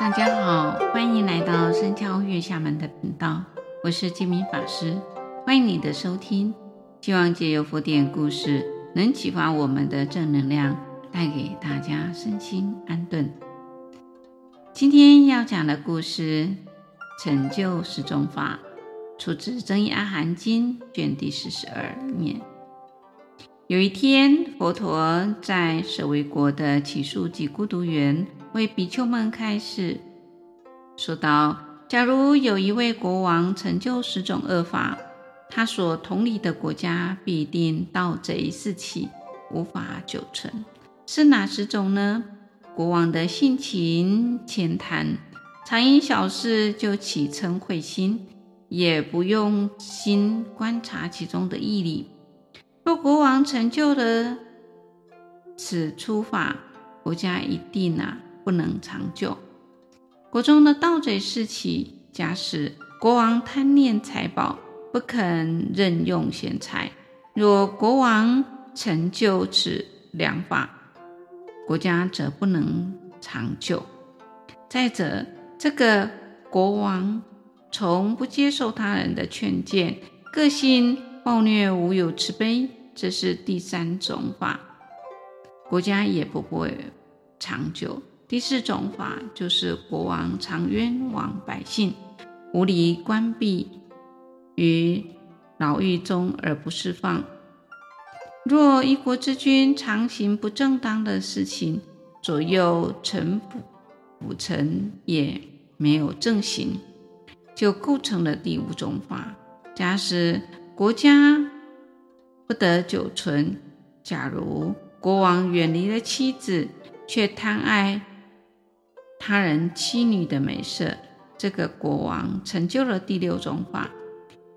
大家好，歡迎來到僧敲月下門的頻道，我是金明法師，歡迎你的收聽，希望借由佛典故事能啟發我們的正能量，帶給大家身心安頓。今天要講的故事《成就十種法》，出自《增一阿含經》卷第四十二面。有一天，佛陀在舍衛國的祇樹給孤獨園為比丘們開示，說道，假如有一位國王成就十種惡法，他所統理的國家必定盜賊四起，無法久存。是哪十種呢？國王的性情慳貪，常因小事就起嗔恚心，也不用心觀察其中的義理。若國王成就的此初法，國家一定、啊、不能長久。國中的盜賊四起。假使國王貪戀財寶，不肯任用賢才；若國王成就此良法，國家則不能長久。再者，這個國王從不接受他人的勸諫，個性暴虐，無有慈悲。這是第三種法，國家也不會長久。第四種法就是國王常冤枉百姓，無理關閉於牢獄中而不釋放。若一國之君常行不正當的事情，左右臣輔輔臣也沒有正行，就構成了第五種法。假使國家。不得久存。假如國王遠離了妻子，卻貪愛他人妻女的美色，這個國王成就了第六種法，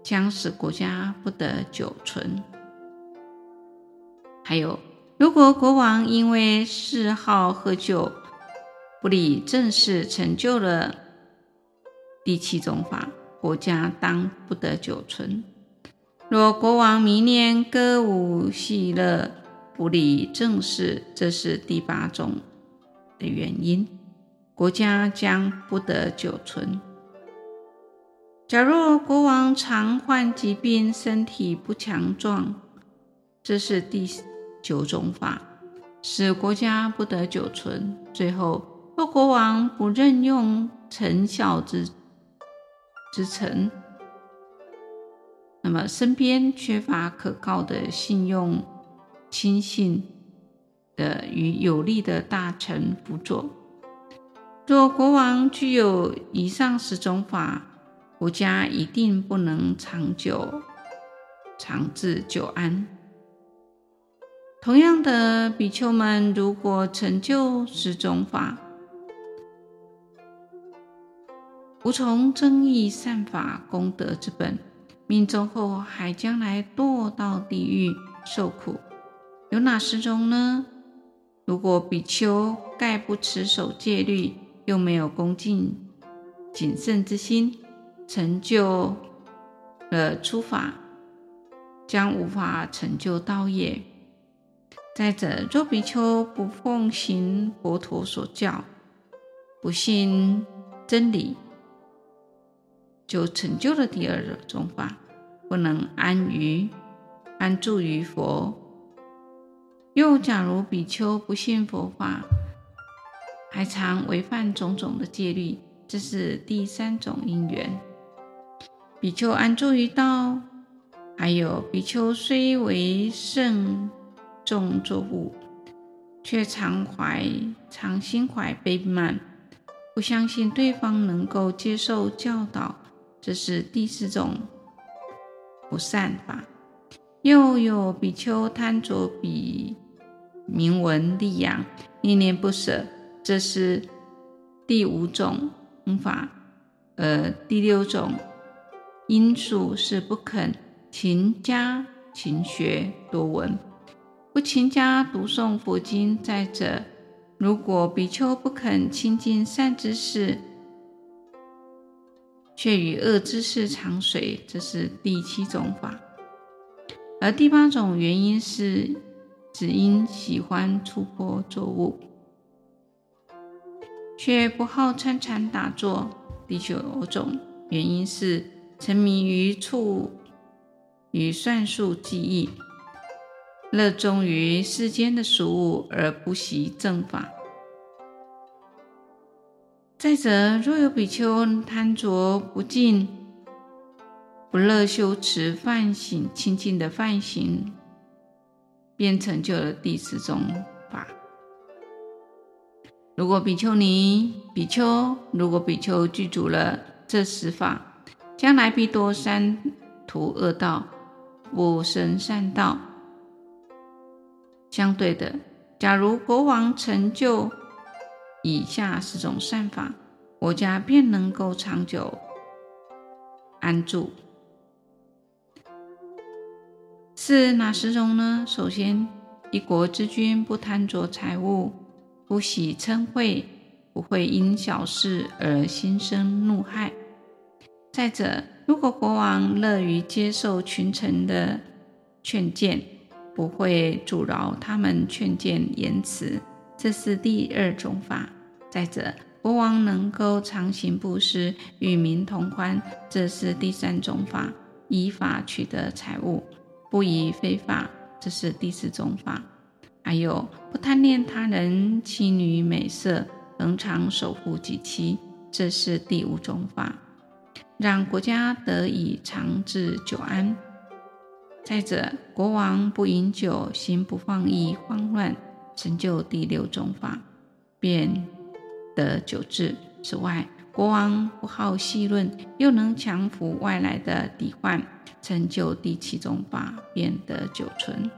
將使國家不得久存。還有，如果國王因為嗜好喝酒，不理政事，成就了第七種法，國家當不得久存。若國王迷戀歌舞戲樂，不理政事，這是第八種的原因，國家將不得久存。假若國王常患疾病，身體不強壯，這是第九種法，使國家不得久存。最後，若國王不任用忠孝之之臣。那麼，身邊缺乏可靠的信用親信的與有力的大臣輔佐，若國王具有以上十種法，國家一定不能長久長治久安。同樣的，比丘們如果成就十種法，無從增益善法功德之本。命終後還將來墮到地獄受苦，有哪十種呢？如果比丘既不持守戒律，又沒有恭敬謹慎之心，成就了初法，將無法成就道業。再者，若比丘不奉行佛陀所教，不信真理，就成就了第二種法，不能安於安住於佛。又假如比丘不信佛法，還常違犯種種的戒律，這是第三種因緣。比丘安住於道。還有比丘雖為聖眾作務，卻常懷常心懷卑慢，不相信對方能夠接受教導。這是第四種不善法，又有比丘貪着比名聞利養，念念不捨。這是第五種法，而第六種因素是不肯勤加勤學多聞，不勤加讀誦佛經。再者，如果比丘不肯親近善知識。卻與惡知識常隨，這是第七種法。而第八種原因是只因喜歡出坡作務，卻不好參禪打坐。第九種原因是沉迷於處與算數技藝，樂衷於世間的俗務，而不習正法。再者，若有比丘貪着不淨、不樂修持梵行清淨的梵行，便成就了第十種法。如果比丘尼、比丘，如果比丘具足了這十法，將來必墮三途惡道、不生善道。相對的，假如國王成就。以下十種善法，國家便能夠長久安住。是哪十種呢？首先，一國之君不貪着財物，不喜瞋恚，不會因小事而心生怒害。再者，如果國王樂於接受群臣的勸諫，不會阻撓他們勸諫言辭。這是第二種法。再者，國王能夠常行布施，與民同歡，這是第三種法。依法取得財物，不以非法，這是第四種法。還有，不貪戀他人妻女美色，恆常守護己妻，這是第五種法，讓國家得以長治久安。再者，國王不飲酒，心不放逸荒亂，成就第六種法，便得久治。此外，國王不好戲論，又能降伏外來的敵患，成就第七種法，便得久存。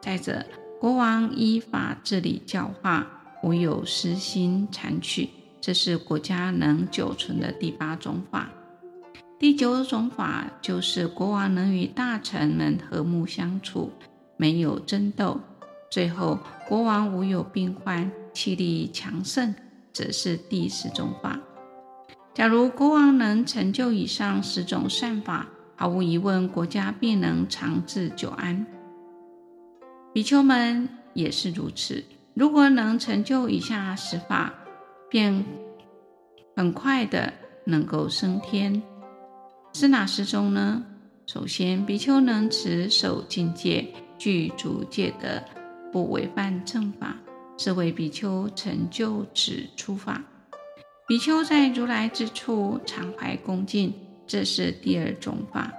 再者，國王依法治理教化，無有私心諂曲，這是國家能久存的第八種法。第九種法就是國王能與大臣們和睦相處，沒有爭鬥。最後，國王無有病患，氣力強盛，則是第十種法。假如國王能成就以上十種善法，毫無疑問，國家必能長治久安。比丘們也是如此。如果能成就以下十法，便很快地能夠升天。是哪十種呢？首先，比丘能持守禁戒，具足戒德不違犯正法，是為比丘成就此初法。比丘在如來之處，常懷恭敬，這是第二種法。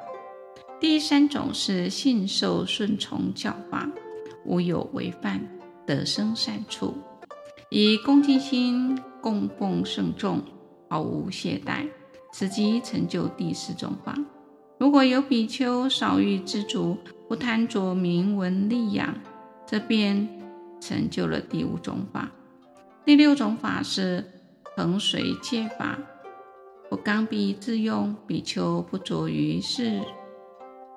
第三種是信受順從教法，無有違犯，得生善處。以恭敬心供奉聖眾，毫無懈怠，此即成就第四種法。如果有比丘少欲知足，不貪着名聞利養。這邊成就了第五種法，第六種法是恆隨戒法，不剛愎自用，比丘不着於世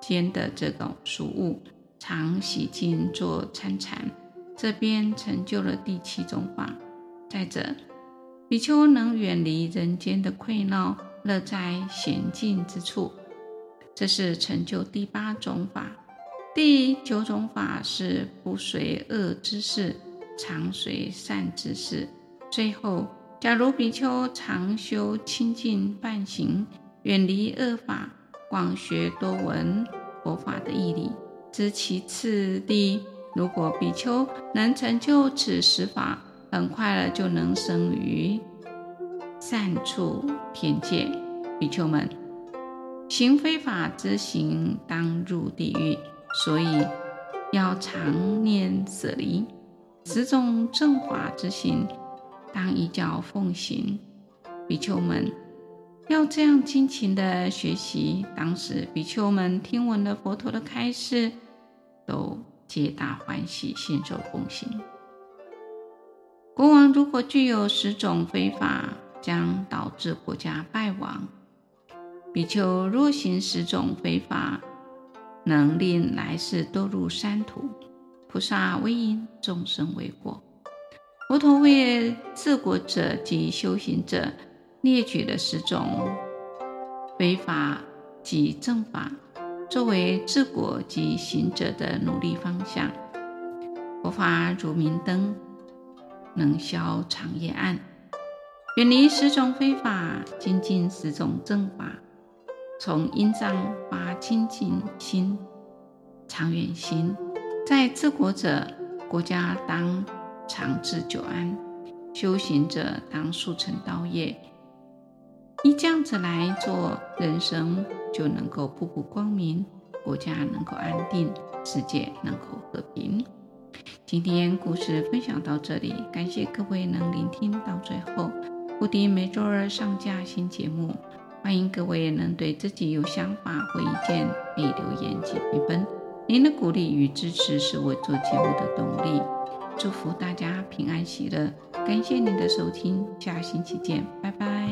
間的這種俗務，常喜靜坐參禪。這邊成就了第七種法。再者，比丘能遠離人間的憒鬧，樂在閒靜之處，這是成就第八種法。第九種法是不隨惡知識，常隨善知識。最後，假如比丘常修清淨梵行，遠離惡法，廣學多聞佛法的義理，知其次第。如果比丘能成就此十法，很快了就能生於善處天界。比丘們，行非法之行，當入地獄。所以要常念捨離，十種正法之行，當依教奉行。比丘們，要這樣精勤地學習。當時，比丘們聽聞了佛陀的開示，都皆大歡喜，信受奉行。國王如果具有十種非法，將導致國家敗亡。比丘若行十種非法，能令來世墮入三途，菩薩畏因，眾生畏果。佛陀為治國者及修行者列舉的十種非法及正法，作為治國及行者的努力方向。佛法如明燈，能銷長夜暗。遠離十種非法，精進十種正法。從因上發精進心、長遠心，在治國者國家當長治久安，修行者當速成道業。以這樣子來做，人生就能夠步步光明，國家能夠安定，世界能夠和平。今天故事分享到這裡，感謝各位能聆聽到最後。布丁每周二上架新節目。歡迎各位也能對自己有想法或意見，可以留言及評分。您的鼓勵與支持是我做節目的動力。祝福大家平安喜樂，感謝您的收聽，下星期見，拜拜。